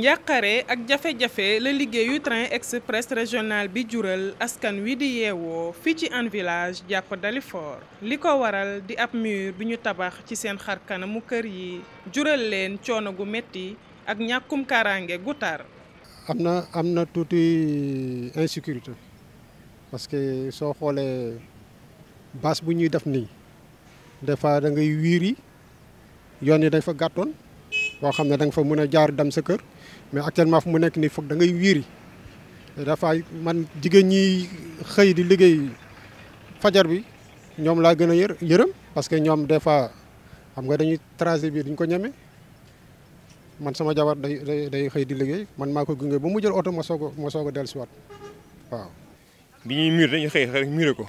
njàqare ak jafe-jafe la liggéeyu train express régional bi jural askan wi di yeewoo fii ci Hann Village jàpp Dalifort li ko waral di ab mur bi ñu tabax ci seen xar kanamu kër yi jural leen coono gu metti ak ñàkkum kaaraange gu tar am na am na tuuti insécurité parce que soo xoolee bâche bu ñuy def nii des fois da ngay wiiri yoon yi dañ fa gàttoon boo xam ne danga fa mën a jaar dem sa kër mais actuellement fu mu nekk nii foog da ngay wiri da dafa man jigéen ñi xey di liggey fajar bi ñom la gëna a yër yërëm parce que ñom des fois xam nga dañuy tracer bi duñ ko ñeme man sama jabar day day xey di liggey man mako ko bu mu jël auto ma soko ma soko del ci wat waaw. bi ñuy mur dañuy xey rek muré ko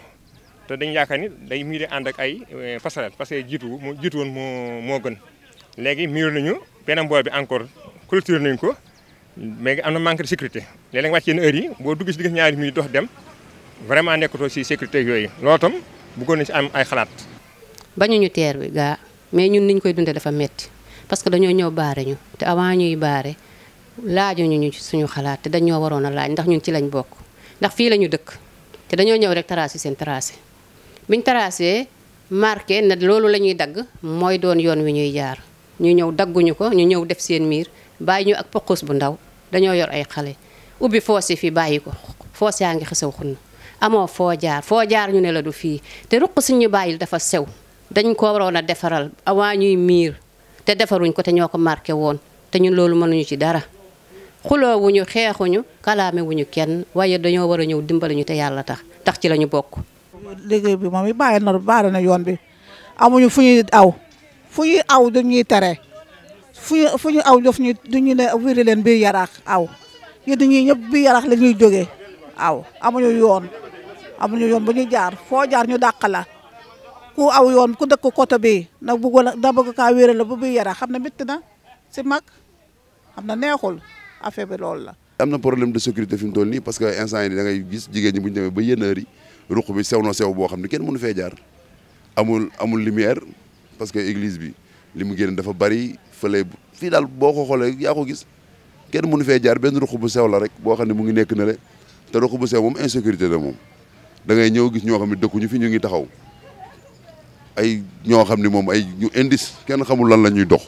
te dañ yaaka ni day muré and ak ay passerelle eh, parce que jitu mo jitu won mo mo gën légui mur nañu benen boy bi encore culture nañ ko. mais am na manque de sécurité léeg-léeg nga wàcc yenn heure yi boo dugg si diggante ñaari muy dox dem vraiment nekkatoo si sécurité yooyu loolu tam bëggoon na si am ay xalaat. ñu teer bi gaa mais ñun niñ koy dundee dafa metti parce que dañoo ñëw baare ñu te avant ñuy baare laajuñu ñu ci suñu xalaat te dañoo waroon a laaj ndax ñun ci lañ bokk ndax fii la ñu dëkk te dañoo ñëw rek tracé seen tracé biñ taraasee marqué ne loolu la ñuy dagg mooy doon yoon wi ñuy jaar ñu ñëw dagguñu ko ñu ñëw def seen miir. bàyyi ñu ak poqus bu ndaw dañoo yor ay xale ubbi foos yi fii bàyyi ko foos yaa ngi xesaw na amoo foo jaar foo jaar ñu ne la du fii te ruq si ñu bàyyil dafa sew dañ ko waroon a defaral avant ñuy miir te defaruñ ko te ñoo ko marqué woon te ñun loolu mënuñu ci dara xuloowuñu xeexuñu kalaame wuñu kenn waaye dañoo war a ñëw dimbali ñu te yàlla tax tax ci lañu bokk. liggéey bi moom it bàyyi na baare na yoon bi amuñu fu ñuy aw fu ñuy aw dañuy fu ñu fu ñu aw def ñu duñu ne wéri leen biir yaraax aw ñu dañuy ñëpp biir yaraax la ñuy jógee aw amuñu yoon amuñu yoon bu ñu jaar foo jaar ñu dàq la ku aw yoon ku dëkk côté bii nag bëggoon da bëgg kaa wéeral la bu biir yaraax xam ne métti na si mag xam na neexul affaire bi lool la. am na problème de sécurité fi mu toll nii parce que instant yi da gis jigéen ñi bu ñu ba yenn heure yi ruq bi sew na sew boo xam ne kenn mënu fee jaar amul amul lumière parce que église bi li mu génn dafa bari. fële fii daal boo ko xoolee yaa ko gis kenn mënu fee jaar benn ruq bu sew la rek boo xam ne mu ngi nekk na le te ruq bu sew moom insécurité la moom dangay ñëw gis ñoo xam ne dëkkuñu fi ñu ngi taxaw ay ñoo xam ne moom ay ñu indice kenn xamul lan la ñuy dox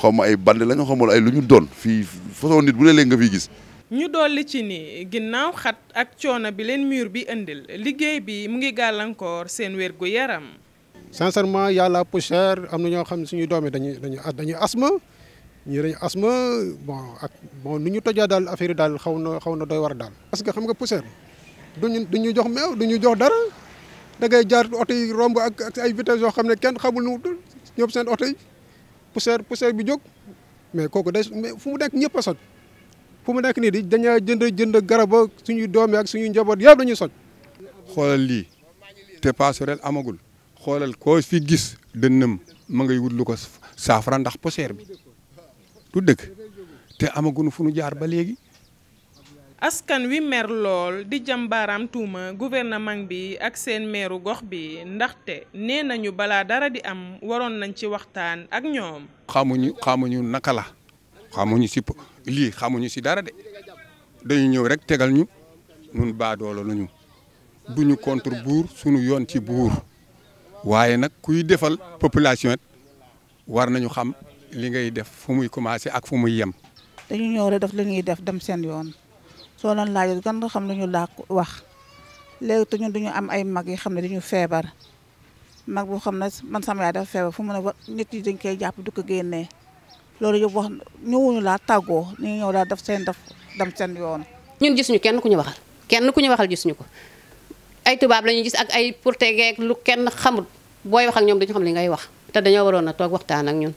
xaw ma ay bandi lañu xamul ay lu ñu doon fii façon nit bu ne léegi nga fiy gis. ñu dolli ci ni ginnaaw xat ak coono bi leen mur bi indil liggéey bi mu ngi gàllankoor seen wér gu yaram. sincèrement y a la poussière am na ñoo xam ne suñuy doom yi dañuy dañuy dañuy asma ñii dañuy asma bon ak bon nu ñu tojee daal affaire daal xaw na xaw na doy war daal. parce que xam nga poussière duñu duñu jox meew duñu jox dara da ngay jaar oto romb ak ay vitesse yoo xam ne kenn xamul nu ñoom seen oto yi poussière bi jóg mais kooku day fu mu nekk ñëpp a soj fu mu nekk nii di dañaa jënd jënd garab ak suñuy doom yi ak suñuy njaboot yëpp dañuy soj xoolal lii te passerelle amagul. xolal ko fi gis dënnam ma ngay wut lu ko ndax poser bi du deug te amaguñu fu nu jaar ba legi askan wi mer lol di jambaram tuma gouvernement bi ak sen meeru gox bi ndax te nenañu bala dara di am waron nañ ci waxtaan ak ñoom. xamuñu xamuñu naka la xamuñu ci li xamuñu ci dara de dañu ñew rek tegal ñu nun baadoolo lañu duñu contre bour sunu yoon ci bour waaye nag kuy defal population war nañu xam li ngay def fu muy commencé ak fu muy yem. dañu ñëw rek def li ñuy def dem seen yoon soo leen laajee kan xam lu ñu laa wax léegi te ñun am ay mag yi xam ne dañu feebar mag boo xam ne man sama yaay dafa feebar fu mu ne ba nit yi dañ koy jàpp du ko génnee loolu yëpp wax ñëwuñu laa tàggoo ñu ñëw laa def seen def dem seen yoon. ñun gisuñu kenn ku ñu waxal kenn ku ñu waxal gisuñu ko ay tubaab la gis ak ay portugais lu kenn xamul. booy wax ak ñom xam li ngay wax waxtaan ak ñun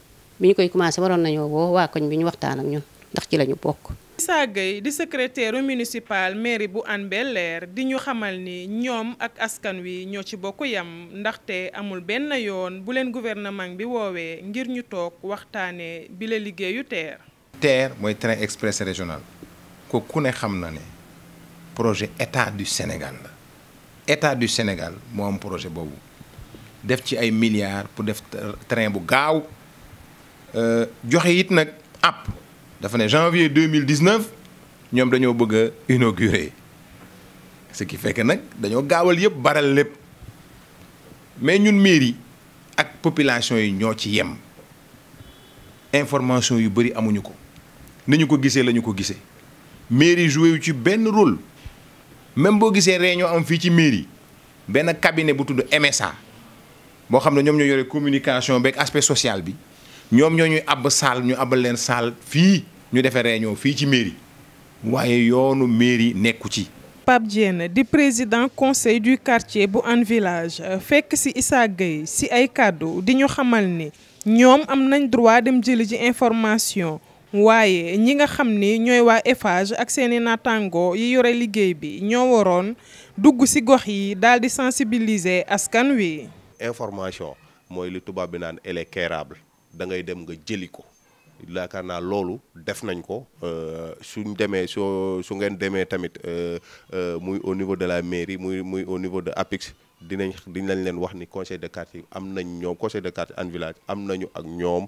koy commencé koñ waxtaan ak ñun ndax ci di secrétaire municipal mairie bu An di ñu xamal ni ak askan wi ñoo ci yam té amul ben yoon bu gouvernement bi ngir ñu bi la TER. TER train express régional ko ku ne xam na projet état du Sénégal état du Sénégal moo projet bobu def ci ay milliards pour def train bu gaaw euh, joxe it nag app dafa ne janvier 2019 ñoom dañoo bëgg a inaugurer ce qui fait que nag dañoo gaawal yëpp baral lépp mais ñun mairie ak population yi ñoo ci yem information yu bëri amuñu ko ni ko gisee lañu ko gisee mairie joué yu ci benn rôle même boo gisee réunion am fii ci mairie benn cabinet bu tudd MSA boo xam ne ñoom ñoo communication beeg aspect social bi ñoom ñoo ñuy àbb saal ñu àbbal leen saal fii ñu defee réunion fii ci mairie waaye yoonu mairie nekku ci. Pape Diène di président conseil du quartier bu Hann Village euh, fekk si Issa Gueye si ay kàddu di ñu xamal ni ñoom am nañ droit dem jëli ji information waaye ñi nga xamni ñoy wa waa ak seeni natango yi yoré liggéey bi ñoo woron dugg ci gox yi daal di sensibiliser askan wi. information mooy li tubaab bi naan elle est da ngay dem nga jëli ko yaakaar naa loolu def nañ ko euh, suñ demee soo su ngeen demee tamit euh, euh, muy au niveau de la mairie muy muy au niveau de APIX dinañ dinañ leen wax ni conseil de quartier am nañ ñoom conseil de quartier en village am nañu ak ñoom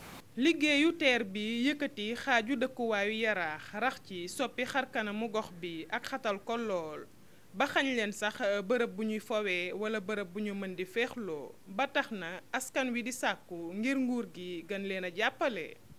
liggéeyu teer bi yëkkati xaaju dëkkuwaayu yaraax rax ci soppi xarkanamu gox bi ak xatal ko lool ba xañ leen sax euh, bërëb bu ñuy fowee wala bërëb bu ñu mën di féexloo ba tax na askan wi di sàkku ngir nguur gi gën leen a jàppale